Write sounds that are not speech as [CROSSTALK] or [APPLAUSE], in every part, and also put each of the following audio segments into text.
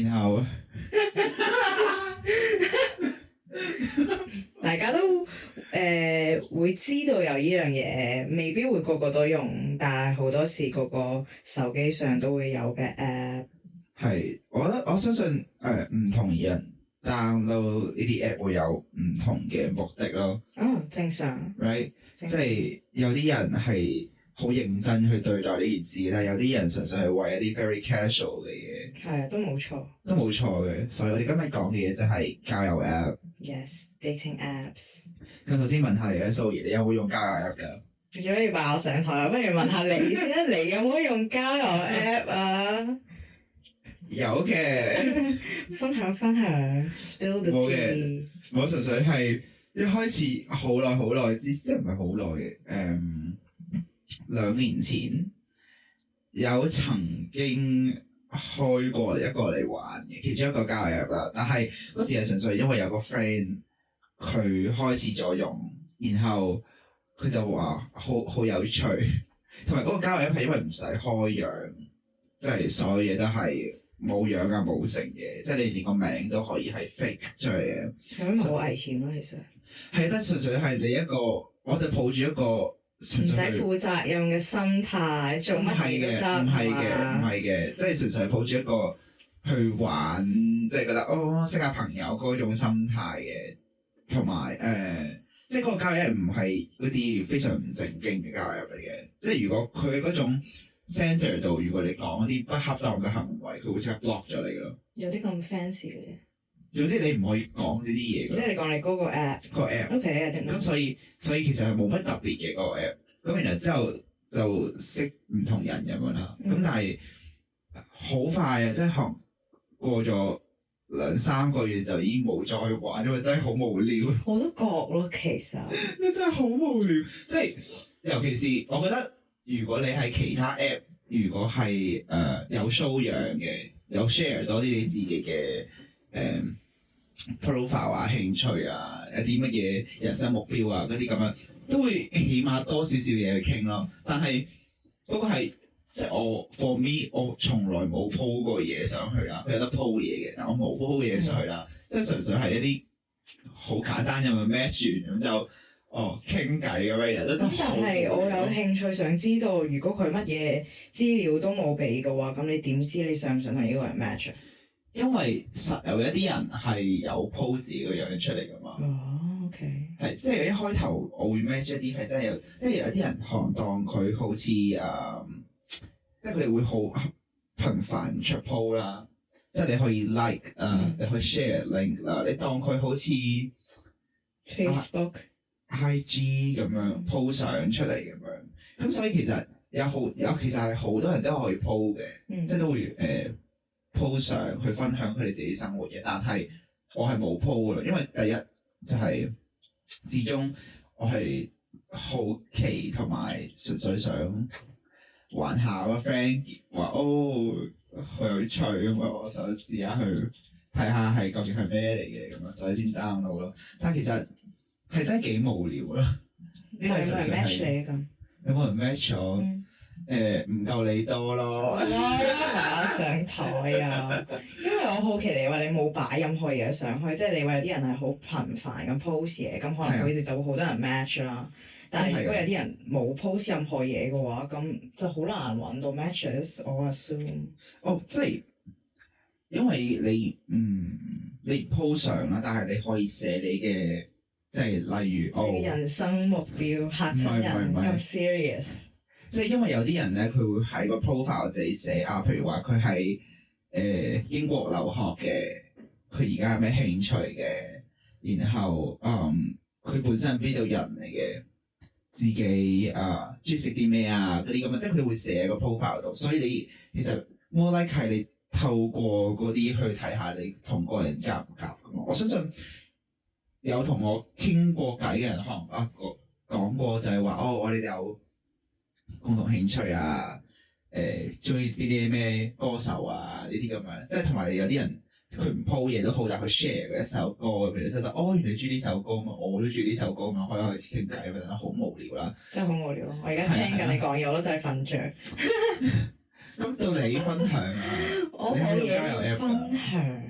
然後 [LAUGHS] 大家都誒、呃、會知道有呢樣嘢未必會個個都用，但係好多時個個手機上都會有嘅 app。係，我覺得我相信誒唔、呃、同人 download 呢啲 app 會有唔同嘅目的咯。嗯、哦，正常。Right，正常，即係有啲人係好認真去對待呢件事，但係有啲人純粹係為一啲 very casual 嚟嘅。係啊，都冇錯，都冇錯嘅。所以我哋今日講嘅嘢就係交友 app。Yes，dating apps。咁頭先問下你啊，Zoe，你有冇用交友 app 噶？不如埋我上台，不如問下你先。 [LAUGHS] 你有冇用交友 app 啊？有嘅的， [LAUGHS] 分享分享。Spill 冇嘅，我純粹係一開始好耐好耐之，即係唔係好耐嘅。誒、嗯，兩年前有曾經。開過一個嚟玩嘅，其中一個交友 app 啦。但係嗰時係純粹因為有個 friend 佢開始咗用，然後佢就話好好有趣，同埋嗰個交友 app 係因為唔使開樣，即係所有嘢都係冇樣啊冇成嘅，即係你連個名都可以係 fake 出嚟嘅，好危險咯，其實。係得純粹係你一個，我就抱住一個。唔使負責任嘅心態做乜嘢都得。唔係嘅，唔係嘅，即係嘛、就是、純粹係抱住一個去玩，即、就、係、是、覺得哦識下朋友嗰種心態嘅，同埋誒，即係嗰個交友 app 唔係嗰啲非常唔正經嘅交友 app 嚟嘅？即、就、係、是、如果佢嗰種 censor 度，如果你講一啲不恰當嘅行為，佢會即刻 block 咗你嘅咯。有啲咁 fancy 嘅嘢。總之你唔可以講呢啲嘢。即係你講你嗰個 app 個那 app。OK，咁所以所以其實係冇乜特別嘅個 app。咁然後之後就識唔同人咁樣啦，咁、嗯、但係好快啊！即係過咗兩三個月就已經冇再玩，因為真係好無聊、啊。我都覺咯，其實你 [LAUGHS] 真係好無聊，即係尤其是我覺得，如果你係其他 App，如果係誒有 show 樣嘅，有 share sh 多啲你自己嘅誒。嗯嗯 profile 啊、興趣啊、一啲乜嘢人生目標啊嗰啲咁樣，都會起碼多少少嘢去傾咯。但係不過係即係我 for me，我從來冇鋪過嘢上去啦。佢有得鋪嘢嘅，但我冇鋪嘢上去啦。嗯、即係純粹係一啲好簡單又唔 match 住、嗯、咁就哦傾偈嘅 writer 都但係是我有興趣想知道，如果佢乜嘢資料都冇俾嘅話，咁你點知你想唔想同呢個人 match？因為實有一啲人係有 pose 住個樣出嚟㗎嘛、oh, okay.，哦，OK，係即係一開頭我會 match 一啲係真係有，即係有一啲人行當佢好似誒、啊，即係佢哋會好、啊、頻繁出 pose 啦，即係你可以 like 誒、啊，mm hmm. 你可以 share link 啦，你當佢好似 Facebook、IG 咁樣 po 相出嚟咁樣，咁所以其實有好有其實係好多人都可以 pose 嘅，mm hmm. 即係都會誒。呃 mm hmm. po 相去分享佢哋自己生活嘅，但係我係冇 po 嘅，因為第一就係、是、始終我係好奇同埋純粹想玩下，個 friend 話哦，好有趣咁啊，我想試下去睇下係究竟係咩嚟嘅咁咯，所以先 download 咯。但係其實係真係幾無聊咯，呢個純粹係有冇人 match 咗？有誒唔、欸、夠你多咯，擺 [LAUGHS] [LAUGHS] 上台啊！因為我好奇你話你冇擺任何嘢上去，即、就、係、是、你話有啲人係好頻繁咁 post 嘢，咁可能佢哋就會好多人 match 啦。嗯、但係如果有啲人冇 post 任何嘢嘅話，咁就好難揾到 matches，我 assume。哦，即係因為你唔、嗯，你 post 上啦，但係你可以寫你嘅，即係例如哦人生目標嚇親、哦、人咁 serious。嗯即係因為有啲人咧，佢會喺個 profile 自己寫啊，譬如話佢喺誒英國留學嘅，佢而家有咩興趣嘅，然後嗯佢本身係邊度人嚟嘅，自己啊中意食啲咩啊嗰啲咁啊，啊即係佢會寫個 profile 度，所以你其實 more like 係你透過嗰啲去睇下你同個人夾唔夾咁。我相信有同我傾過偈嘅人，可能啊講講過就係話哦，我哋有。共同興趣啊，誒中意啲啲咩歌手啊呢啲咁樣，即係同埋有啲人佢唔 po 嘢都好，但係佢 share 嘅一首歌咁樣，即係哦，原來你中意呢首歌嘛，我都中意呢首歌嘛，可以開始傾偈咁樣，好無聊啦，真係好無聊。我而家聽緊你講嘢，我、啊啊、我都真係瞓着。咁 [LAUGHS] 到 [LAUGHS] 你分享啊， [LAUGHS] 我嘢沒分享的。啊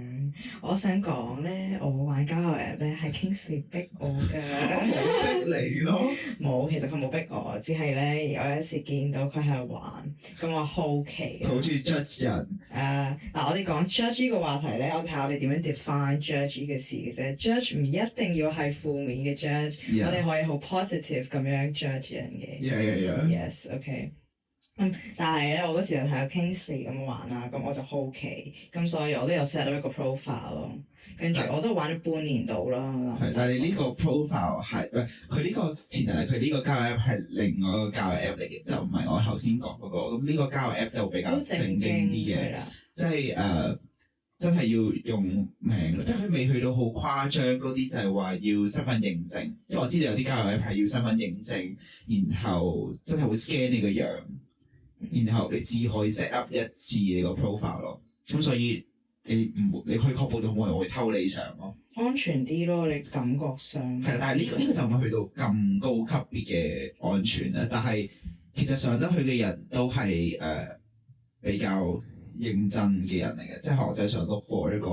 我想講咧，我玩交友 App 咧係 Kingsley 逼我嘅。冇逼你咯。冇，其實佢冇逼我，只係咧有一次見到佢喺度玩，咁我好奇。好似 judge 人。誒，嗱，我哋講 judge 呢個話題咧，我睇下我哋點樣 define judge 嘅事嘅啫。Judge 唔一定要係負面嘅 judge，我哋可以好 positive 咁樣 judge 人嘅。Yeah, yeah, yeah. Yes. Okay. 嗯，但係咧，我嗰時就睇 Kingsley 咁玩啦，咁我就好奇，咁所以我都有 set 到一個 profile 咯，跟住我都玩咗半年度啦。係的，嗯、但係呢個 profile 係，唔係佢呢個前提係佢呢個交友 app 係另外一個交友 app 嚟嘅，就唔係我頭先講嗰個。咁、這、呢個交友 app 就比較正經啲嘅，即係誒，就是 uh, 真係要用名，即係佢未去到好誇張嗰啲，就係、是、話要身份認證。即係我知道有啲交友 app 係要身份認證，然後真係會 scan 呢個樣。然後你只可以 set up 一次你個 profile 咯，咁所以你唔，你可以確保到冇人會偷你場咯，安全啲咯，你感覺上係啦、嗯，但係呢個呢個就唔會去到咁高級別嘅安全啦。但係其實上得去嘅人都係誒、uh, 比較認真嘅人嚟嘅，即係我真係想 look for 一個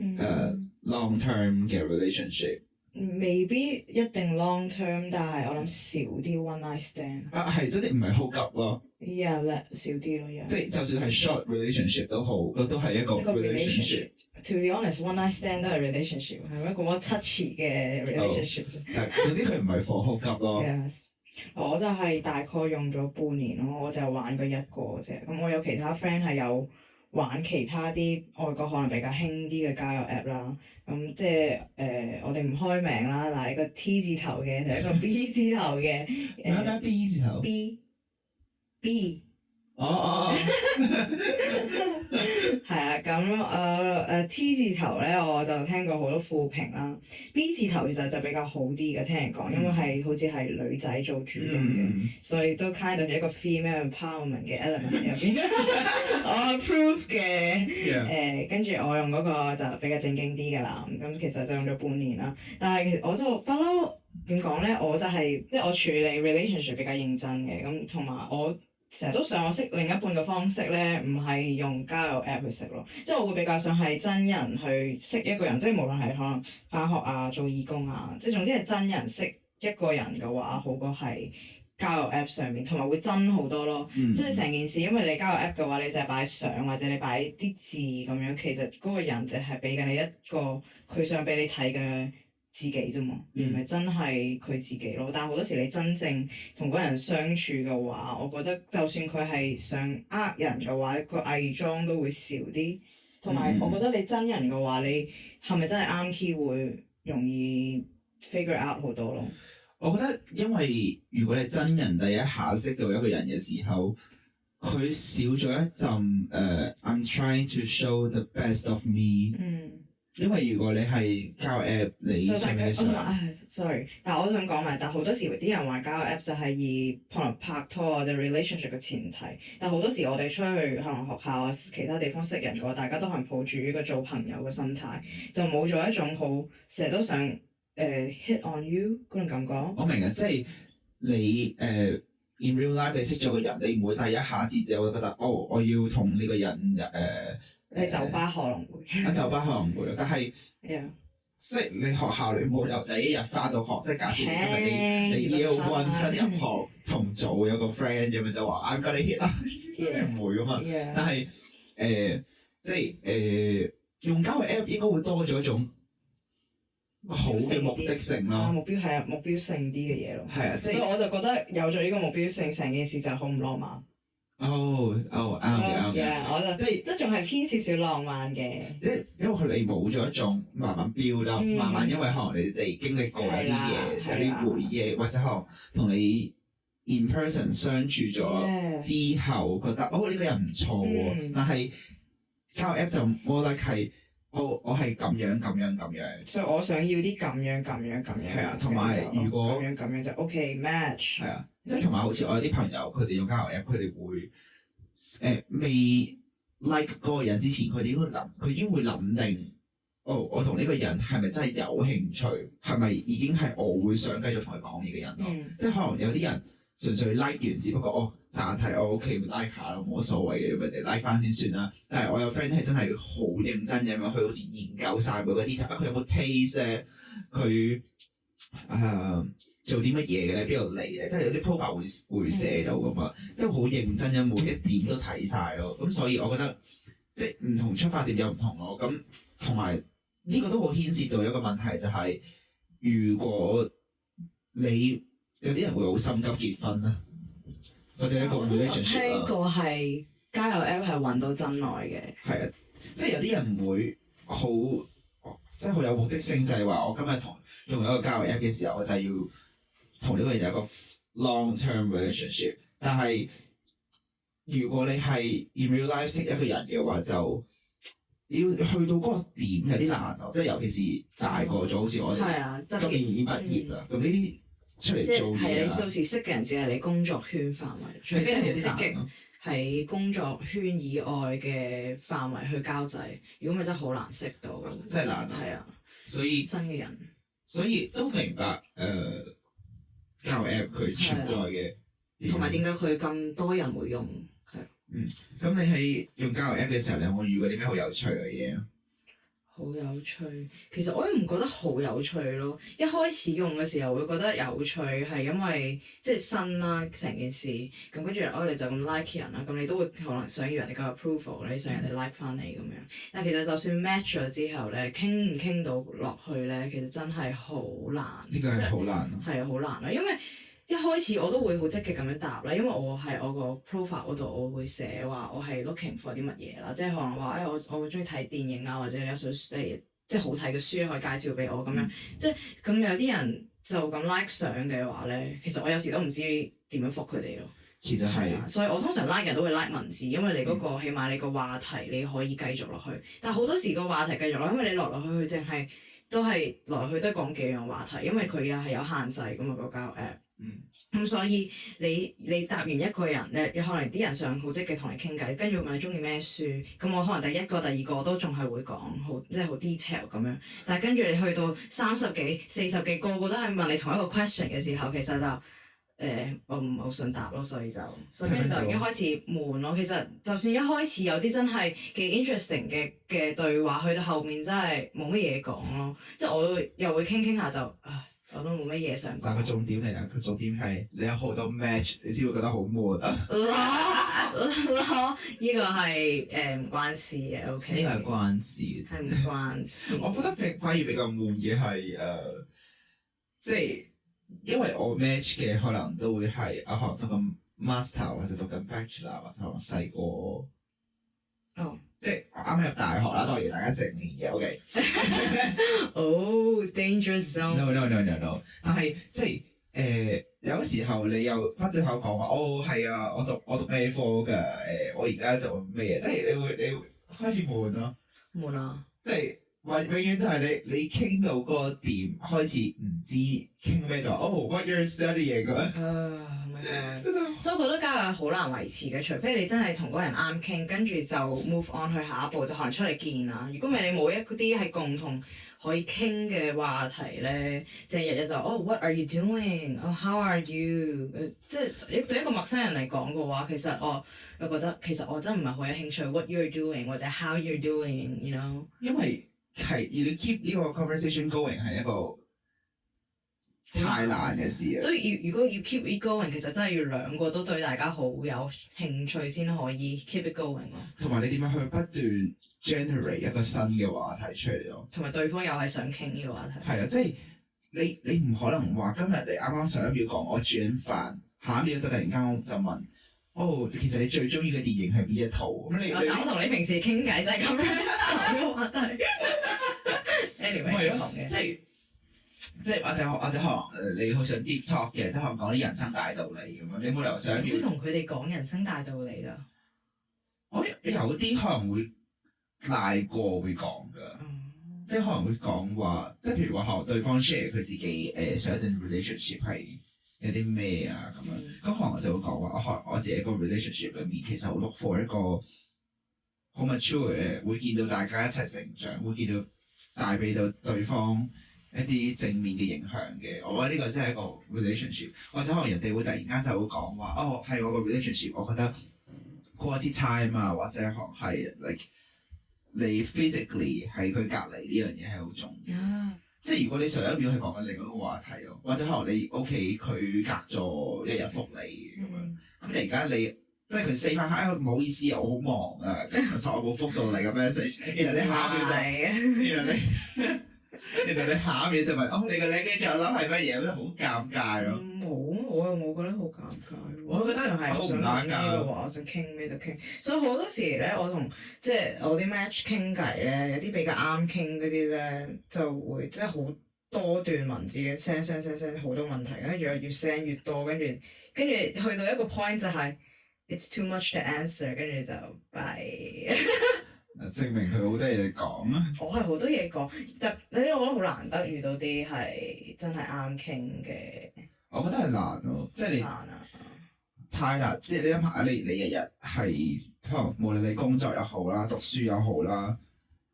誒 long term 嘅 relationship。未必、嗯、一定 long term，但係我諗少啲 one night stand 啊。啊係，真係唔係好急咯。一樣嘞，少啲咯。一樣，即就算係 short relationship 都好，都係一個 relationship。To be honest，one night stand 都係 relationship，係咪一個七次嘅 relationship？Oh, 總之，佢唔係火好急囉。我就係大概用咗半年囉，我就玩過一個啫。咁、嗯、我有其他 friend 係有玩其他啲外國可能比較輕啲嘅交友 app 啦、嗯。咁即係我哋唔開名啦，嗱、嗯，一個 T 字頭嘅，就一個 B 字頭嘅，你睇睇 B 字頭。B, B，哦哦哦，係啦，咁誒誒 T 字頭咧，我就聽過好多負評啦。B 字頭其實就比較好啲嘅，聽人講，因為係好似係女仔做主動嘅，mm. 所以都 kind of 一個 female empowerment 嘅 element 入邊。 [LAUGHS] [LAUGHS] 我 approve 嘅，誒跟住我用嗰個就比較正經啲嘅啦。咁其實就用咗半年啦，但係其實我就不嬲點講咧，我就係即係我處理 relationship 比較認真嘅，咁同埋我，成日都想我識另一半嘅方式咧，唔係用交友 app 去識咯，即係我會比較想係真人去識一個人，即係無論係可能返學啊、做義工啊，即係總之係真人識一個人嘅話，好過係交友 app 上面，同埋會真好多咯。嗯、即係成件事，因為你交友 app 嘅話，你淨係擺相或者你擺啲字咁樣，其實嗰個人就係俾緊你一個佢想俾你睇嘅。自己啫嘛，而唔係真係佢自己咯。但係好多時你真正同個人相處嘅話，我覺得就算佢係想呃人嘅話，個偽裝都會少啲。同埋我覺得你真人嘅話，你係咪真係啱 key 會容易 figure out 好多咯？我覺得因為如果你真人第一下識到一個人嘅時候，佢少咗一陣誒，uh，I'm trying to show the best of me。嗯。因為如果你係交友 app 理性嘅時候，sorry，但係我都想講埋。但係好多時啲人話交 app 就係以可能拍拖或者 relationship 嘅前提。但係好多時我哋出去可能學校啊、其他地方識人嘅話，大家都係抱住呢個做朋友嘅心態，就冇咗一種好成日都想誒、呃、hit on you 嗰種感覺。我明啊，即係你誒、呃、in real life 你識咗個人，你唔會第一下直就會覺得哦，我要同呢個人誒。呃你喺酒吧可能會，喺酒吧可能會咯，但係，啊，即係你學校你冇由第一日翻到學，即係 Yeah. 假設你你，你要混身入學同組有個 friend 咁樣就話嗌過你 hit 啊，咁唔會啊嘛，但係誒即係誒用交友 app 應該會多咗一種好嘅目的性咯、啊，目標係啊目標性啲嘅嘢咯，係啊，所以我就覺得有咗呢個目標性，成件事就好唔浪漫。哦哦啱嘅啱嘅，即係都仲係偏少少浪漫嘅。即係因為佢哋冇咗一種慢慢 build 啦，慢慢因為可能你哋經歷過一啲嘢，有啲回憶，或者可能同你 in person 相處咗之後，覺得哦呢個人唔錯喎。但係交 App 就摩得係哦，我係咁樣咁樣咁樣。所以我想要啲咁樣咁樣咁樣。係啊，同埋如果咁樣咁樣就 OK match。係啊。即係同埋，好似我有啲朋友，佢哋用交友 App，佢哋會誒、呃、未 like 嗰個人之前，佢哋應該諗，佢已經會諗定，哦，我同呢個人係咪真係有興趣？係咪已經係我會想繼續同佢講嘢嘅人咯？嗯、即係可能有啲人純粹 like 完，只不過哦，暫時我、哦、OK，like、okay，下咯，冇所謂嘅，咪嚟 like 翻先算啦。但係我有 friend 係真係好認真咁樣，佢好似研究晒每一個 detail，佢有冇 taste，佢、啊、誒。做啲乜嘢嘅咧？邊度嚟咧？即係有啲鋪法會會寫到咁啊！是的 即係好認真嘅，每一點都睇晒咯。咁所以我覺得，即係唔同出發點又唔同咯。咁同埋呢個都好牽涉到一個問題，就係、是、如果你有啲人會好心急結婚咧，或者一個 relationship 啦，聽過係交友 app 係揾到真愛嘅，係啊，即係有啲人唔會好即係好有目的性，就係、是、話我今日同用一個交友 app 嘅時候，我就要。同呢個人有一個 long-term relationship，但係如果你係 in real life 識一個人嘅話，就要去到嗰個點有啲、嗯、難咯，即係尤其是大個咗，嗯、好似我周、啊、即已經畢業啦，咁呢啲出嚟做嘢啦，嗯、你到時識嘅人只係你工作圈範圍，除非你積極喺工作圈以外嘅範圍去交際，如果咪真係好難識到，真係、嗯、難，係啊、嗯，所以新嘅人所，所以都明白誒。呃交友 App 佢存在嘅，同埋點解佢咁多人會用？係。嗯，咁你喺用交友 App 嘅時候，你有冇遇過啲咩好有趣嘅嘢？好有趣，其實我都唔覺得好有趣咯。一開始用嘅時候會覺得有趣，係因為即係新啦、啊，成件事咁跟住，我、嗯、哋、哎、就咁 like 人啦、啊，咁你都會可能想要人哋嘅 approval，like、你想人哋 like 翻你咁樣。但係其實就算 match 咗之後咧，傾唔傾到落去咧，其實真係好難。呢個真係好難啊！係啊，好難啊，因為。一開始我都會好積極咁樣答啦，因為我喺我個 profile 嗰度，我會寫話我係 looking for 啲乜嘢啦，即係可能話誒、哎、我我會中意睇電影啊，或者有想即係好睇嘅書可以介紹俾我咁樣，嗯、即係咁有啲人就咁 like 相嘅話咧，其實我有時都唔知點樣覆佢哋咯。其實係、啊，所以我通常 like 人都會 like 文字，因為你嗰、那個、嗯、起碼你個話題你可以繼續落去，但係好多時個話題繼續落，因為你落落去下去淨係都係來來去都講幾樣話題，因為佢啊係有限制咁啊、那個交友 app。嗯，咁所以你你答完一個人咧，有可能啲人想好積極同你傾偈，跟住問你中意咩書，咁我可能第一個、第二個都仲係會講，好即係好 detail 咁樣。但係跟住你去到三十幾、四十幾個個，個都係問你同一個 question 嘅時候，其實就誒、欸，我唔係好想答咯，所以就所以就已經開始悶咯。 [LAUGHS] 其實就算一開始有啲真係幾 interesting 嘅嘅對話，去到後面真係冇乜嘢講咯。即係我又會傾傾下就我都冇乜嘢想講。但個重點嚟喇，個重點係你有好多 match，你先會覺得好悶咯。呢個係誒唔關事嘅，OK。呢個係關事。係唔關事。我覺得反而比較悶嘅係誒，即係因為我 match 嘅可能都會係阿學讀緊 master 或者讀緊 bachelor 或者學細個。哦。即係啱入大學啦，當然大家成年嘅，OK。好、 [LAUGHS] [LAUGHS] oh, dangerous zone。No, no no no no no，但係即係誒、呃，有時候你又翻對口講話，哦係啊，我讀我讀咩科㗎？誒、呃，我而家做咩嘢？即係你會,你,會你開始悶咯、啊。悶啊！即係永永遠就係你你傾到個點開始唔知傾咩就哦、oh,，what you're studying 嘅。Uh. 誒，所以覺得交友好難維持嘅，除非你真係同嗰人啱傾，跟住就 move on 去下一步，就可能出嚟見啊。如果唔係你冇一啲係共同可以傾嘅話題咧，即係日日就哦 what are you doing，哦、oh, how are you，誒即係對一個陌生人嚟講嘅話，其實我我覺得其實我真唔係好有興趣 what you are doing 或者 how you are doing，you know？因為係要 keep 呢個 conversation going 係一個太難嘅事啊！所以要如果要 keep it going，其實真係要兩個都對大家好有興趣先可以 keep it going 咯。同埋你點樣去不斷 generate 一個新嘅話題出嚟咯？同埋對方又係想傾呢個話題。係啊，即係你你唔可能話今日你啱啱上一秒講我煮緊飯，下一秒就突然間就問哦，oh, 其實你最中意嘅電影係邊一套咁、嗯、你？你我同你平時傾偈就係咁樣，冇話題。Anyway，唔係囉，即係。即係或者或者學你好想 deep talk 嘅，即係可能講啲人生大道理咁樣。你冇理由想會同佢哋講人生大道理啦。我有啲可能會拉過會講噶，嗯、即係可能會講話，即係譬如話學對方 share 佢自己誒上、呃、一段 relationship 係有啲咩啊咁樣。咁、嗯、可能我就會講話，我學我自己個 relationship 裏面其實好 look for 一個好 mature 嘅，會見到大家一齊成長，會見到帶俾到對方。一啲正面嘅影響嘅，我覺得呢個真係一個 relationship，或者可能人哋會突然間就會講話，哦係我個 relationship，我覺得 quality time 啊，或者係 like 你 physically 喺佢隔離呢樣嘢係好重要。Yeah. 即係如果你上一秒係講緊另一個話題咯，或者可能你屋企佢隔咗一日覆你咁、mm hmm. 樣，咁你而家你即係佢四塊黑，唔好意思，我好忙啊，所以我冇覆到你嘅 message，然後你嚇住你，你明唔明？然後你下一面就問，哦，你個 link 嘅係乜嘢，咁好尷尬喎。唔好、嗯，我又覺得尬我覺得好尷尬，我覺得又係好尷尬。我想我想傾咩、呃、都傾，所以好多時咧，我同即係我啲 match 傾偈咧，有啲比較啱傾嗰啲咧，就會即係好多段文字嘅 send send send send 好多問題，跟住又越 send 越多，跟住跟住去到一個 point 就係、是、it's too much to answer，跟住就 bye。 [LAUGHS] 誒證明佢好多嘢講啦，我係好多嘢講，就你、是、我覺得好難得遇到啲係真係啱傾嘅。我覺得係難咯、啊，即係你難啊。嗯、太難，即係你諗下，你你日日係可能無論你工作又好啦、讀書又好啦，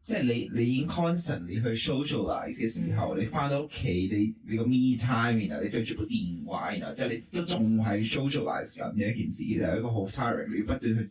即係你你已經 constantly 去 socialize 嘅時候，嗯、你翻到屋企你你個 me time 然後你對住部電話然後即係你都仲係 socialize 緊嘅一件事，其實係、是、一個好 tiring 你不斷去。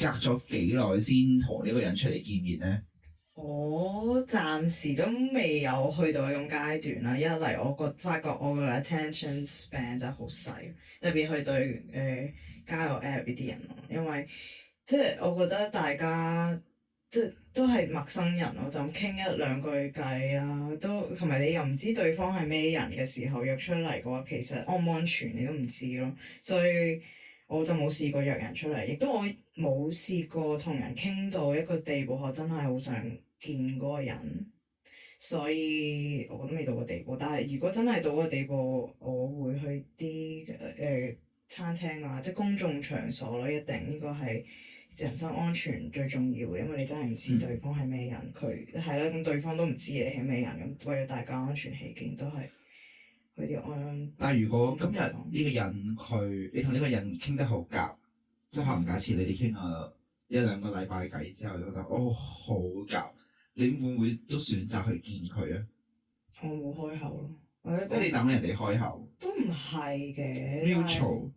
隔咗幾耐先同呢個人出嚟見面呢？我暫時都未有去到嗰種階段啦。一嚟我覺發覺我嘅 attention span 真係好細，特別去對誒交友 app 呢啲人咯。因為即係我覺得大家即係都係陌生人咯，就傾一兩句偈啊，都同埋你又唔知對方係咩人嘅時候約出嚟嘅話，其實安唔安全你都唔知咯。所以我就冇試過約人出嚟，亦都我冇試過同人傾到一個地步，我真係好想見嗰個人，所以我覺得未到個地步。但係如果真係到個地步，我會去啲誒、呃、餐廳啊，即係公眾場所咯，一定呢個係人身安全最重要嘅，因為你真係唔知對方係咩人，佢係、嗯、啦，咁對方都唔知你係咩人，咁為咗大家安全起見都係。但係如果今日呢、嗯、個人佢，他他你同呢個人傾得、嗯、好夾，即係可能假設你哋傾下一兩個禮拜偈之後，就覺得哦好夾，你會唔會都選擇去見佢啊？我冇開口咯，或者即係你等人哋開口都唔係嘅。mutual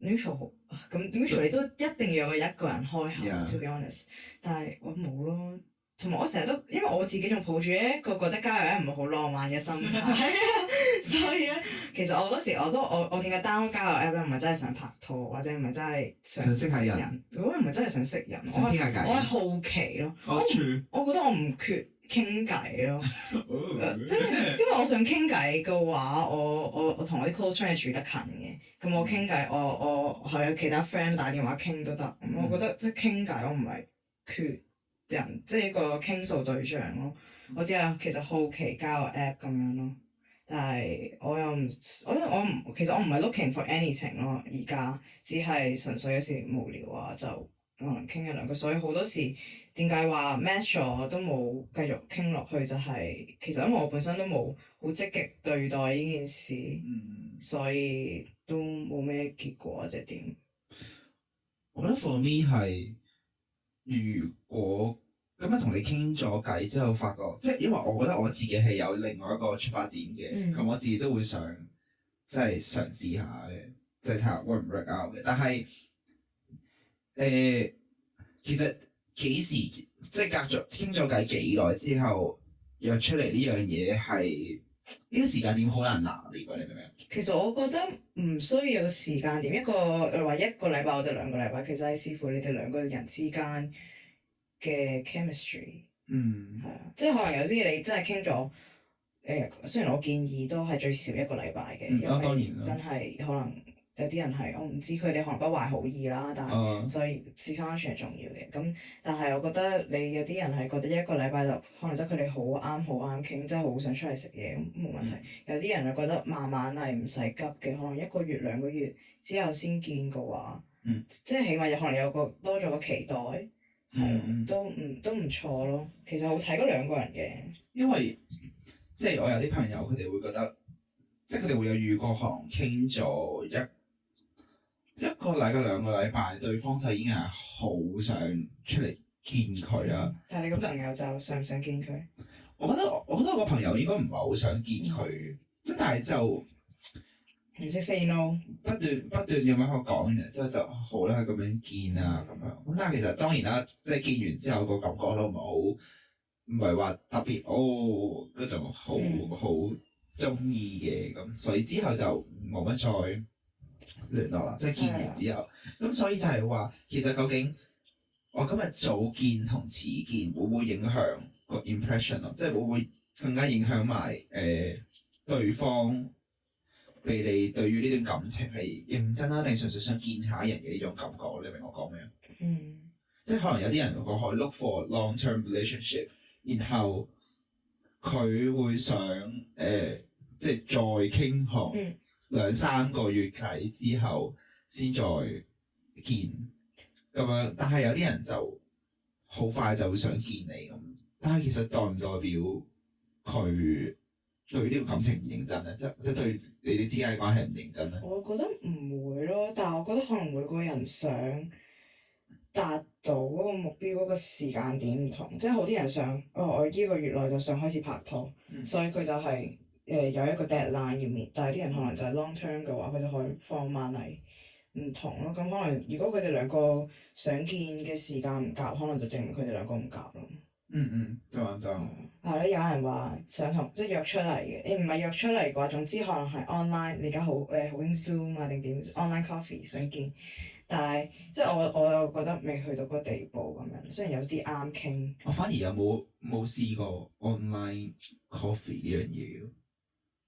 mutual 咁 mutual 你都一定要有一個人開口就，to be honest，yeah. 但係我冇咯。同埋我成日都，因為我自己仲抱住一個覺得交友 App 唔係好浪漫嘅心態， [LAUGHS] [LAUGHS] 所以咧，其實我嗰時我都我我點解 down 開交友 App 咧？唔係真係想拍拖，或者唔係真係想，想，人想識人。如果唔係真係想識人，我係我係好奇咯。我，、哦、我，我覺得我唔缺傾偈咯，即係、 [LAUGHS] 啊、因為我想傾偈嘅話，我我我同我啲 close friend 住得近嘅，咁我傾偈、嗯、我我係其他 friend 打電話傾都得。我覺得即係傾偈我唔係缺。人即係一個傾訴對象咯，嗯、我只係其實好奇加個 app 咁樣咯，但係我又唔，我我唔，其實我唔係 looking for anything 咯，而家只係純粹有時無聊啊，就同人傾一兩個，所以好多時點解話 match 咗都冇繼續傾落去就係、是，其實因為我本身都冇好積極對待呢件事，嗯、所以都冇咩結果或者點。我覺得 for me 係。如果咁樣同你傾咗偈之後，發覺即係因為我覺得我自己係有另外一個出發點嘅，咁、mm. 我自己都會想即係嘗試下嘅，即係睇下 work 唔 work out 嘅。但係誒、呃，其實幾時即係隔咗傾咗偈幾耐之後約出嚟呢樣嘢係？呢個時間點好難拿捏嘅，你明唔明啊？其實我覺得唔需要有時間個時間點，一個話一個禮拜或者兩個禮拜，其實係視乎你哋兩個人之間嘅 chemistry。嗯。係啊，即係可能有啲嘢你真係傾咗，誒，雖然我建議都係最少一個禮拜嘅，嗯、當然因為，真係可能。有啲人係，我唔知佢哋可能不懷好意啦，但係、嗯、所以自身安全係重要嘅。咁但係我覺得你有啲人係覺得一個禮拜就，可能即係佢哋好啱好啱傾，即係好想出嚟食嘢，冇問題。嗯、有啲人就覺得慢慢嚟，唔使急嘅，可能一個月兩個月之後先見嘅話，嗯、即係起碼有可能有個多咗個期待，係、嗯、都唔、嗯、都唔錯咯。其實好睇嗰兩個人嘅，因為即係我有啲朋友佢哋會覺得，即係佢哋會有預過行傾咗一。一個禮拜，兩個禮拜，對方就已經係好想出嚟見佢啊、嗯！但係你個朋友就想唔想見佢？我覺得我覺得我個朋友應該唔係好想見佢，真係就唔識 say no，不斷不斷咁樣去講嘅，之後就好啦咁樣見啊咁樣。但係其實當然啦，即係見完之後、個感覺都唔好，唔係話特別哦，嗰種好好中意嘅咁，所以之後就冇乜再，聯絡啦，即係見完之後，咁 Yeah. 所以就係話，其實究竟我今日早見同遲見會唔會影響個 impression 咯？即係會唔會更加影響埋誒對方畀你對於呢段感情係認真啦、啊，定純粹想見下人嘅呢種感覺？你明我講咩嗯，mm. 即係可能有啲人個海 look for long term relationship，然後佢會想誒、呃，即係再傾下。兩三個月喺之後先再見咁樣，但係有啲人就好快就會想見你咁。但係其實代唔代表佢對呢個感情唔認真咧？即係即係對你哋之間嘅關係唔認真咧？我覺得唔會咯，但係我覺得可能每個人想達到嗰個目標嗰個時間點唔同，即係好啲人想，哦，我呢個月內就想開始拍拖，嗯、所以佢就係。誒、呃、有一個 deadline 要面，但係啲人可能就係 long term 嘅話，佢就可以放慢嚟唔同咯。咁可能如果佢哋兩個想見嘅時間唔夾，可能就證明佢哋兩個唔夾咯。嗯嗯，就係就係。係咯，有人話想同即係約出嚟嘅，你唔係約出嚟嘅話，總之可能係 online，你而家好誒好 in Zoom 啊定點 online coffee 想見，但係即係我我又覺得未去到嗰地步咁樣，雖然有啲啱傾。我、哦、反而有冇冇試過 online coffee 呢樣嘢？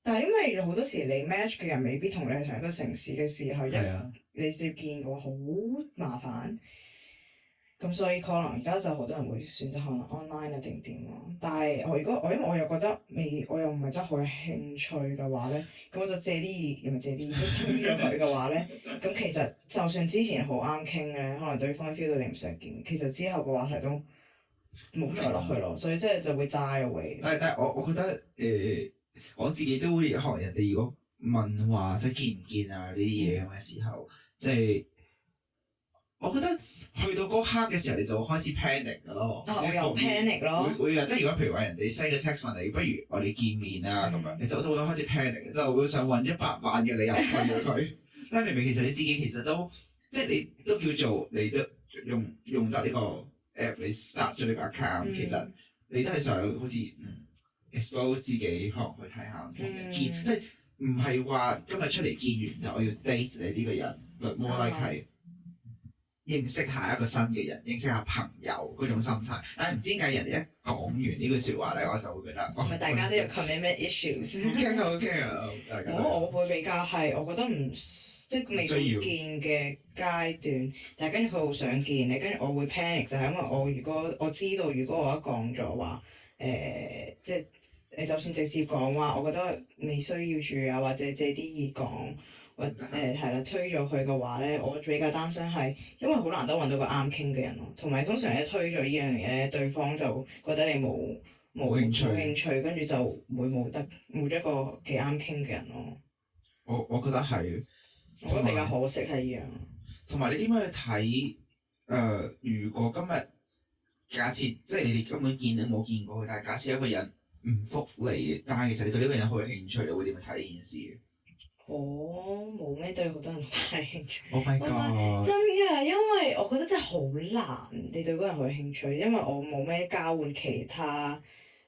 但係因為好多時你 match 嘅人未必同你係同一個城市嘅時候，啊、你接見嘅話好麻煩。咁所以可能而家就好多人會選擇可能 online 定點咯。但係我如果我因為我又覺得未，我又唔係真係好有興趣嘅話咧，咁我就借啲，又咪借啲，即推咗佢嘅話咧，咁其實就算之前好啱傾嘅，可能對方 feel 到你唔想見，其實之後個話題都冇再落去咯，啊、所以即係就會 die away。但係但係我我覺得誒。欸我自己都會學人哋，如果問話即係見唔見啊呢啲嘢咁嘅時候，即係我覺得去到嗰刻嘅時候，你就開始 panic 嘅咯。會有 panic 咯。會啊，即係如果譬如話人哋 send 嘅 text 問你，不如我哋見面啊咁、嗯、樣，你就就會開始 panic，就會想揾一百萬嘅理由拒絕佢。 [LAUGHS] 但係明明其實你自己其實都即係你都叫做你都用用得呢個 app，你 start 咗呢個 account，其實你都係想好似。嗯 expose 自己可能去睇下，看看 mm. 即係見，即係唔係話今日出嚟見完就我要 date 你呢個人，more、mm. like 係認識一下一個新嘅人，認識下朋友嗰種心態。但係唔知點解人哋一講完呢句説話咧， [LAUGHS] 我就會覺得唔是很大家都要 commitment issues 先傾下，傾 k 大家我我會比較係，我覺得唔即係未到見嘅階段，但係跟住佢好想見你，跟住我會 panic 就係因為我如果我知道如果我一講咗話誒，即係你就算直接講話，啊，我覺得未需要住啊，或者借啲意講，或誒係啦，推咗佢嘅話咧，我比較擔心係，因為好難得揾到個啱傾嘅人咯。同埋通常咧推咗呢樣嘢咧，對方就覺得你冇冇冇興趣，跟住就會冇得冇一個幾啱傾嘅人咯。我我覺得係，我覺得比較可惜係一樣。同埋你點樣去睇？誒、呃，如果今日假設即係、就是、你哋根本見都冇見過佢，但係假設一個人。唔福利嘅，但係其實你對呢個人好有興趣，你會點樣睇呢件事？我冇咩對好多人大興趣。我 h、oh、my god 真嘅，因為我覺得真係好難，你對嗰個人好有興趣，因為我冇咩交換其他、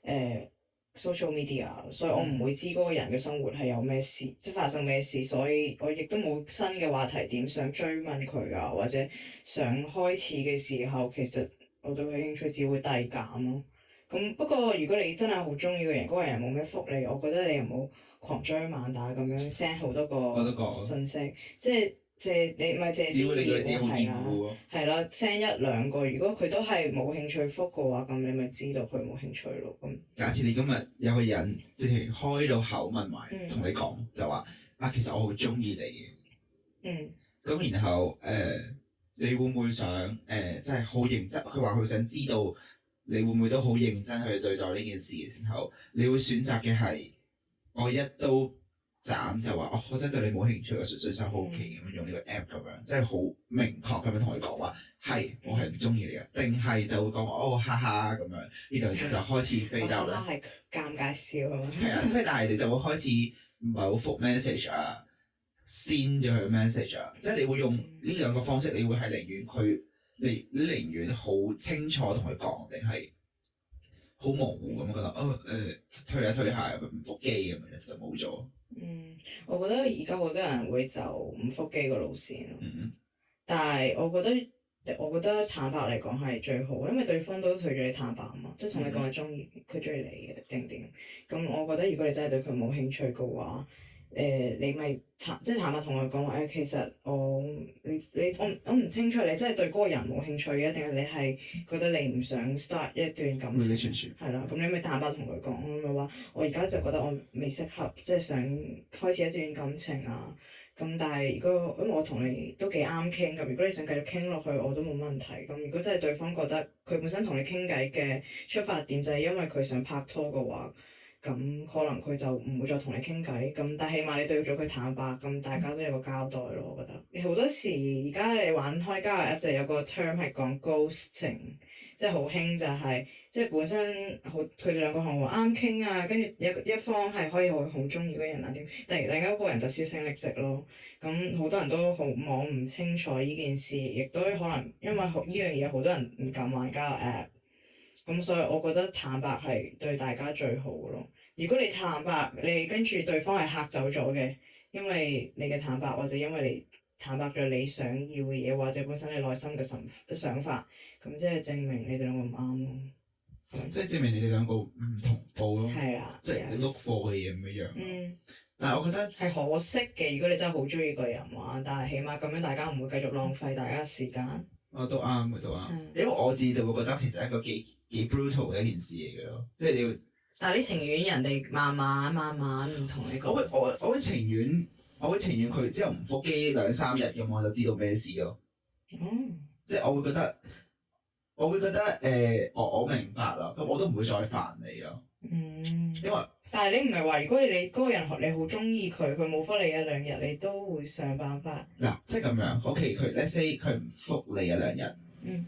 呃、social media，所以我唔會知嗰個人嘅生活係有咩事，即係、嗯、發生咩事，所以我亦都冇新嘅話題點想追問佢啊，或者想開始嘅時候，其實我對佢興趣只會遞減咯。咁不過如果你真係好中意嘅人，嗰、嗰個人冇咩福利，我覺得你又唔好狂追猛打咁樣 send 好多個信息，即係借，借你唔係借自己嘅工係啦，係啦，send 一兩個，如果佢都係冇興趣覆嘅話，咁你咪知道佢冇興趣咯。咁假設你今日有個人直情開到口問埋同、嗯、你講，就話啊其實我好中意你嘅，嗯，咁然後誒、呃、你會唔會想誒即係好認真？佢話佢想知道。你會唔會都好認真去對待呢件事嘅時候，你會選擇嘅係我一刀斬就話、哦，我真對你冇興趣啊！純粹想好奇咁、嗯、用呢個 app 咁樣，即係好明確咁樣同佢講話，係我係唔中意你嘅，定係就會講話哦哈哈咁樣，然後咧就開始飛到咧。係 [LAUGHS] 尷尬笑。係 [LAUGHS] 啊，即係但係你就會開始唔係好覆 message 啊，先咗佢 message 啊，即係你會用呢兩個方式，你會係寧願佢。你寧願好清楚同佢講，定係好模糊咁覺得？哦，誒、呃，退下退一下，唔覆機咁樣就冇咗。嗯，我覺得而家好多人會就唔覆機個路線咯。嗯，嗯，但係我覺得，我覺得坦白嚟講係最好，因為對方都退咗你坦白啊嘛，即係同你講、嗯、你中意佢中意你嘅定點咁。我覺得如果你真係對佢冇興趣嘅話。誒、呃，你咪坦即係坦白同佢講話，誒、哎，其實我你你我我唔清楚你真係對嗰個人冇興趣嘅，定係你係覺得你唔想 start 一段感情，係啦、嗯。咁、嗯嗯嗯、你咪坦白同佢講咪話，我而家就覺得我未適合，即、就、係、是、想開始一段感情啊。咁但係如果因為我同你都幾啱傾咁，如果你想繼續傾落去，我都冇問題。咁如果真係對方覺得佢本身同你傾偈嘅出發點就係因為佢想拍拖嘅話，咁可能佢就唔會再同你傾偈，咁但係起碼你對咗佢坦白，咁大家都有個交代咯。我覺得好多時而家你玩開交友 app 就有個 term 係講 ghosting，即係好興就係、是、即係本身好佢哋兩個好啱傾啊，跟住一一方係可以好好中意嗰人啊，點突然另一個人就銷聲匿跡咯。咁好多人都好摸唔清楚依件事，亦都可能因為呢樣嘢好多人唔敢玩交友 app。咁所以，我覺得坦白係對大家最好嘅咯。如果你坦白，你跟住對方係嚇走咗嘅，因為你嘅坦白或者因為你坦白咗你想要嘅嘢，或者本身你內心嘅想法，咁即係證明你哋兩個唔啱咯。即係證明你哋兩個唔同步咯。係啦的，即係你碌過嘅嘢咁一樣。嗯。但係我覺得係可惜嘅，如果你真係好鍾意個人話，但係起碼咁樣大家唔會繼續浪費大家時間。啊，都啱，嘅，都啱。的因為我自己就會覺得其實係一個幾幾 brutal 嘅一件事嚟嘅咯，即係你會。但係你情願人哋慢慢慢慢唔同你講。我會我我會情願，我會情願佢之後唔復機兩三日咁，我就知道咩事咯。嗯。即係我會覺得，我會覺得誒、呃，我我明白啦，咁我都唔會再煩你咯。嗯因，為，因為但係你唔係話如果你嗰個人學你好中意佢，佢冇覆你一兩日，你都會想辦法。嗱，即係咁樣好奇、OK, 佢，let's say 佢唔覆你一兩日，嗯，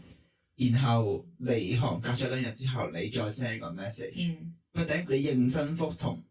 然後離行隔咗兩日之後，你再 send 一個 message，嗯，咪頂你認真覆同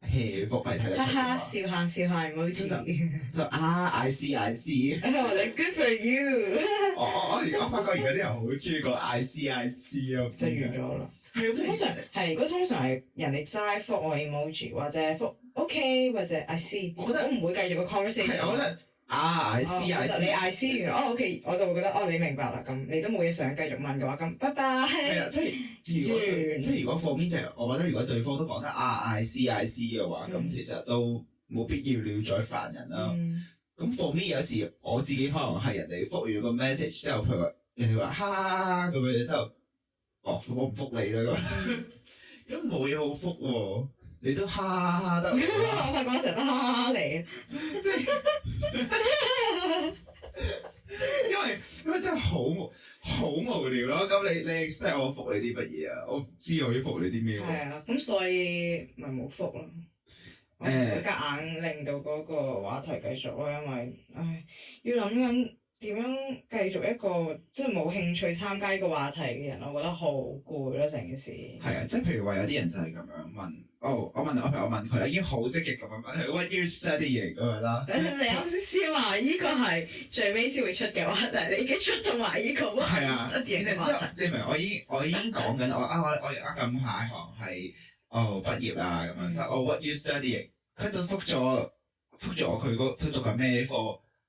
hea 覆係睇哈，吓笑下，笑下，唔好意思，佢啊實、 [LAUGHS] ah,，I C I C，我哋 good for you， [LAUGHS] 我我我我發覺而家啲人好中意個 I C I C 啊，即係完咗啦。通常係，如果 [NOISE] 通常係人哋齋覆我 emoji 或者覆 OK 或者 I see，我覺得我唔會繼續個 conversation。係，我覺得、啊、I see、哦、I see I。其實你 I see 完、 [LAUGHS] 哦，哦 OK，我就會覺得哦你明白啦咁，你都冇嘢想繼續問嘅話，咁拜拜。係啊，即係如果即係 [LAUGHS] 完如果，果 for me 就，我覺得如果對方都講得、啊、I see, I see I see 嘅話，咁、嗯、其實都冇必要再煩人啦。咁 for me 有時我自己可能係人哋覆完個 message 之後佢話，人哋話哈哈哈哈咁樣嘢之後。哦，我唔復你啦咁，咁冇嘢好復喎， [LAUGHS] 服啊、 [LAUGHS] 你都哈哈哈得我發覺成日都哈哈哈你，即係因為因為真係好無好無聊咯，咁你你 expect 我復你啲乜嘢啊？我，服我知我要復你啲咩喎？係啊，咁所以咪冇復咯，我夾硬令到嗰個話題繼續咯，因為唉要諗緊。點樣繼續一個即係冇興趣參加呢個話題嘅人，我覺得好攰咯成件事，啊。係啊，即係譬如話有啲人就係咁樣問，哦、oh,，我問我譬如我問佢啦，已經好積極咁問問佢，what you studying 咁樣啦。你有少少話呢個係最尾先會出嘅話題，你已經出同埋呢個 what study 咧，啊。你們即係明唔明？我已經我已經講緊，我啊我我而家咁下一行係哦、oh, 畢業啦咁樣，就我、嗯 so, oh, what you studying？佢就覆咗覆咗我佢嗰佢讀緊咩科。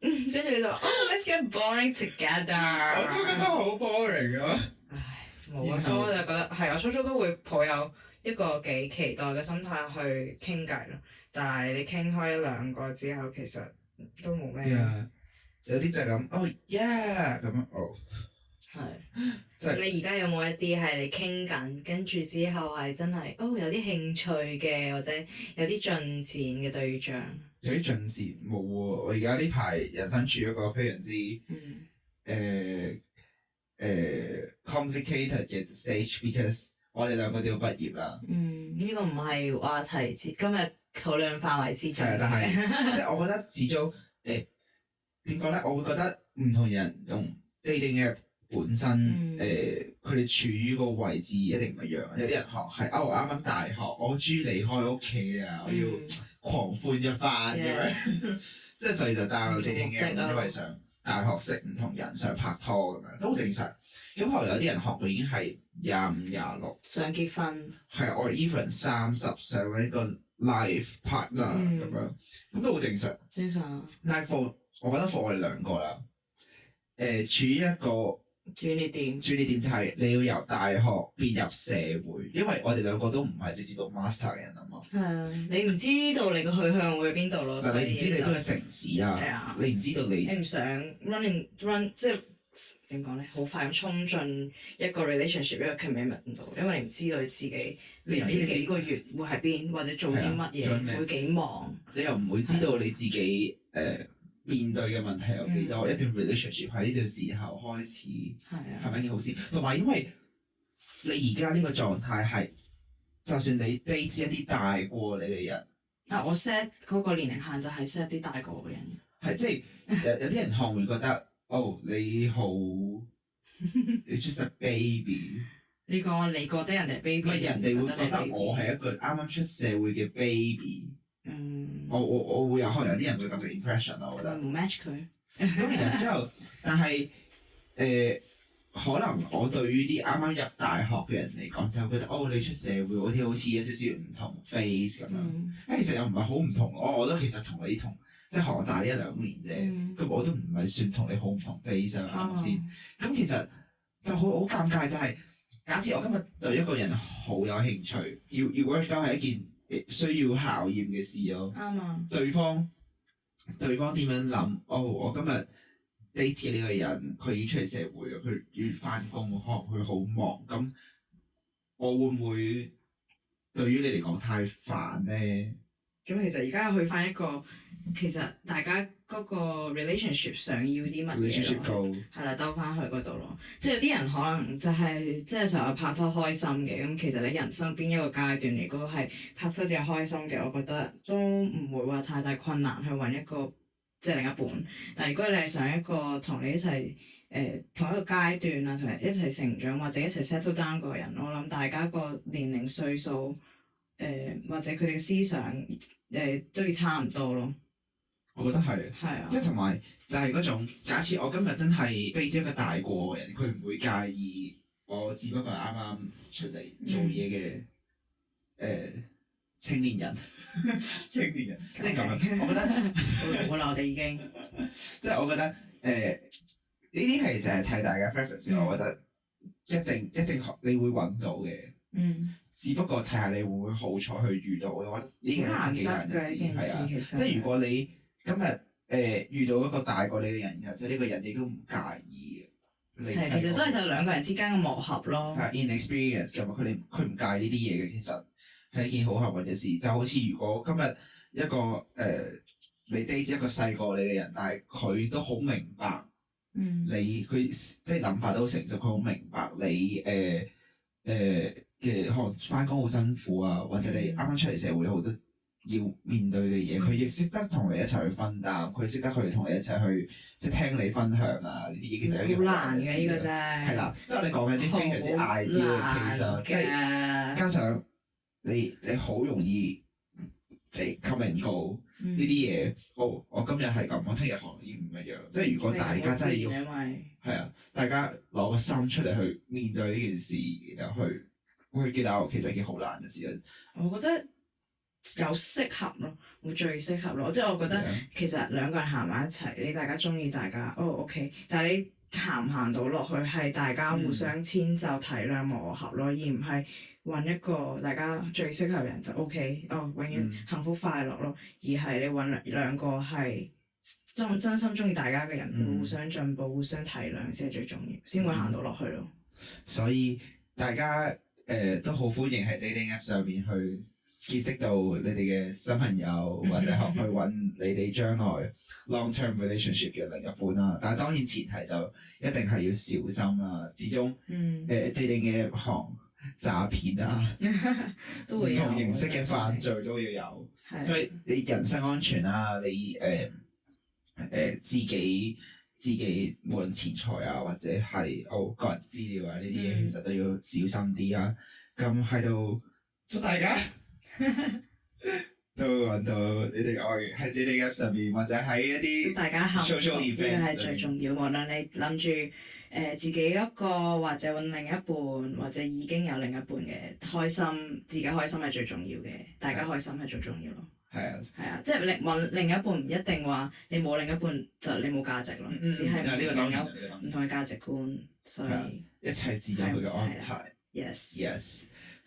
跟住你就話 oh let's get boring together。我初初都好 boring 噶，啊。唉，冇啊，所以後我就覺得係，啊，初初都會抱有一個幾期待嘅心態去傾偈咯。但係你傾開一兩個之後，其實都冇咩。Yeah. 有啲就咁，oh yeah，咁啊，哦。Oh 係，是即你而家有冇一啲係你傾緊，跟住之後係真係哦有啲興趣嘅，或者有啲進展嘅對象？有啲進展冇喎、啊，我而家呢排人生處咗一個非常之誒誒、嗯呃呃、complicated 嘅 stage，because 我哋兩個都要畢業啦。嗯，呢、這個唔係話題之今日討論範圍之內。但係 [LAUGHS] 即係我覺得始終誒點講咧，我會覺得唔同人用 dating app 嘅。本身誒，佢哋處於個位置一定唔一樣。有啲人學係哦，啱啱大學，我中意離開屋企啊，我要狂歡一番咁樣，即係所以就大有啲影嘅，因為想大學識唔同人，想拍拖咁樣都好正常。咁後來有啲人學到已經係廿五、廿六，想結婚係，or even 三十想揾個 life partner 咁樣，咁都好正常。正常。但係課，我覺得課我哋兩個啦，誒，處於一個。主要點？主要點就係你要由大學變入社會，因為我哋兩個都唔係直接讀 master 嘅人啊嘛。係啊、嗯，嗯、你唔知道你嘅去向會喺邊度咯，嗯、所以你唔知你都係城市啊。係啊，你唔知道你你唔想 running run，即係點講咧？好快咁衝進一個 relationship 一個 commitment 度，因為你唔知道你自己連呢幾個月會喺邊，或者做啲乜嘢，啊、會幾忙。你又唔會知道你自己誒？面對嘅問題有幾多、嗯、一段 relationship 喺呢段時候開始，係咪一件好事？同埋因為你而家呢個狀態係，就算你 date 一啲大過你嘅人，啊，我 set 嗰個年齡限就係 set 一啲大過嘅人。係，即係有有啲人可能會覺得， [LAUGHS] 哦，你好你 just a baby。呢個你覺得人哋係 baby，人哋會，會覺得我係一個啱啱出社會嘅 baby。嗯，我我我會有可能有啲人會咁樣 impression 咯，我覺得 match 佢。咁 [LAUGHS] 然之後，但係誒、呃，可能我對於啲啱啱入大學嘅人嚟講，就覺得哦，你出社會，嗰啲好似有少少唔同 face 咁樣。咁、嗯、其實又唔係好唔同，哦、我我都其實同你同即係學大呢一兩年啫，咁、嗯、我都唔係算你同你好唔同 face 啫、哦，係、啊、先？咁其實就好好尷尬，就係、是、假設我今日對一個人好有興趣，要要 work 都係一件。需要考驗嘅事咯、哦 [NOISE] 對方對方點樣諗？哦，我今日 date 呢個人，佢已經出嚟社會，佢要翻工，可能佢好忙，咁我會唔會對於你嚟講太煩咧？咁、嗯、其實而家去翻一個，其實大家。嗰個 relationship 想要啲乜嘢咯，係啦，兜翻去嗰度咯。即係啲人可能就係即係成日拍拖開心嘅，咁其實你人生邊一個階段，如果係拍拖比較開心嘅，我覺得都唔會話太大困難去揾一個即係另一半。但係如果你係想一個同你一齊誒、呃、同一個階段啊，同埋一齊成長或者一齊 settle down 嗰個人，我諗大家個年齡歲數誒、呃、或者佢哋思想誒、呃、都要差唔多咯。我覺得係，啊、即係同埋就係嗰種，假設我今日真係地接一個大過人，佢唔會介意我，我只不過啱啱出嚟做嘢嘅誒青年人，青年人，即係咁樣。我覺得我男仔已經，即係我覺得誒呢啲係就係睇大家 preference，嗯。我覺得一定一定你會揾到嘅。嗯。只不過睇下你會唔會好彩去遇到，我覺得呢樣係幾難嘅一件事。係啊、嗯。即、嗯、係、嗯嗯嗯、如果你。嗯嗯 [LAUGHS] 今日誒、呃、遇到一個大過你嘅人，或者呢個人你都唔介意嘅，你其實都係就兩個人之間嘅磨合咯。係 inexperience，咁佢哋佢唔介意呢啲嘢嘅，其實係一件好幸運嘅事。就好似如果今日一個誒、呃、你 date 一個細過你嘅人，但係佢都好明白你，嗯，你佢即係諗法都好成熟，佢好明白你誒誒嘅可能返工好辛苦啊，或者你啱啱出嚟社會有好多。要面對嘅嘢，佢亦識得同你一齊去分擔，佢識得去同你一齊去即係聽你分享啊！呢啲嘢其實係一件難嘅事嘅。係啦，呢個真係即係你講緊啲非常之難嘅，其實即係加上你你好容易即係 commit to 呢啲嘢。好、嗯哦，我今日係咁，我聽日可能已經唔一樣。即係如果大家真係要係因為啊，大家攞個心出嚟去面對呢件事，然後去，會記得的的我覺得其實係一件好難嘅事。有適合咯，會最適合咯。即係我覺得 Yeah. 其實兩個人行埋一齊，你大家中意大家哦、oh，OK 但走走。但係你行唔行到落去係大家互相遷就、體諒、磨合咯，mm. 而唔係揾一個大家最適合嘅人就 OK。哦，永遠幸福快樂咯，mm. 而係你揾兩個係真心中意大家嘅人，mm. 互相進步、互相體諒先係最重要，先會行到落去咯。Mm. 所以大家、呃、都好歡迎喺 dating app 上面去。結識到你哋嘅新朋友，或者學去揾你哋將來 long term relationship 嘅另一半啦。但係當然前提就一定係要小心啦、啊。始終誒對應嘅行詐騙啊，唔 [LAUGHS] 同形式嘅犯罪都要有，的所以你人身安全啦、啊，你誒誒、呃呃、自己自己無論錢財啊，或者係我、哦、個人資料啊呢啲嘢，嗯、其實都要小心啲啊。咁喺度祝大家～ [LAUGHS] 都搵到你哋愛喺你哋嘅 app 上面，或者喺一啲，大家幸福，呢 Social Events, 個係最重要。無論你諗住誒自己一個，或者搵另一半，或者已經有另一半嘅開心，自己開心係最重要嘅，大家開心係最重要咯。係啊，係啊，即、就、係、是、另搵另一半唔一定話你冇另一半就你冇價值咯，嗯、只係唔同唔、嗯這個、同嘅價值觀，所以、啊、一切自有佢嘅安排。啊、yes。yes. Yes. yes.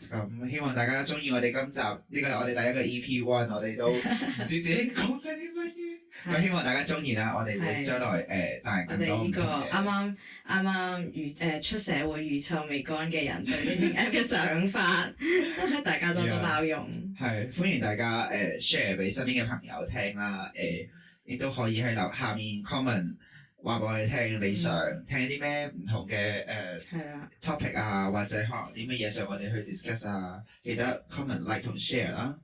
咁希望大家中意我哋今集呢個係我哋第一個 EP One，我哋都唔知自己講緊啲乜嘢。咁 [LAUGHS] 希望大家中意啦，我哋會將來誒、 [LAUGHS] 呃、帶更多。我哋呢個啱啱啱啱預誒出社會、乳臭未乾嘅人對呢啲嘅想法，大家多多包容。係、yeah，歡迎大家誒 share 俾身邊嘅朋友聽啦，誒、呃、亦都可以喺留下面 comment。話俾我哋聽你想、嗯、聽啲咩唔同嘅誒係啊 topic 啊或者可能啲咩嘢想我哋去 discuss 啊記得 comment like 同 share 啦、啊、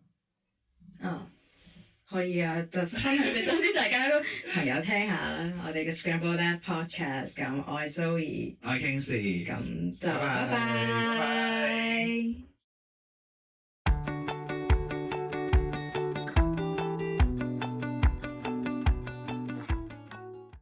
嗯、哦、可以啊就分享俾多啲大家咯朋友聽下啦我哋嘅 Scrambled Eggs podcast 咁我係 Zoe 我係 Kingsley 咁就拜拜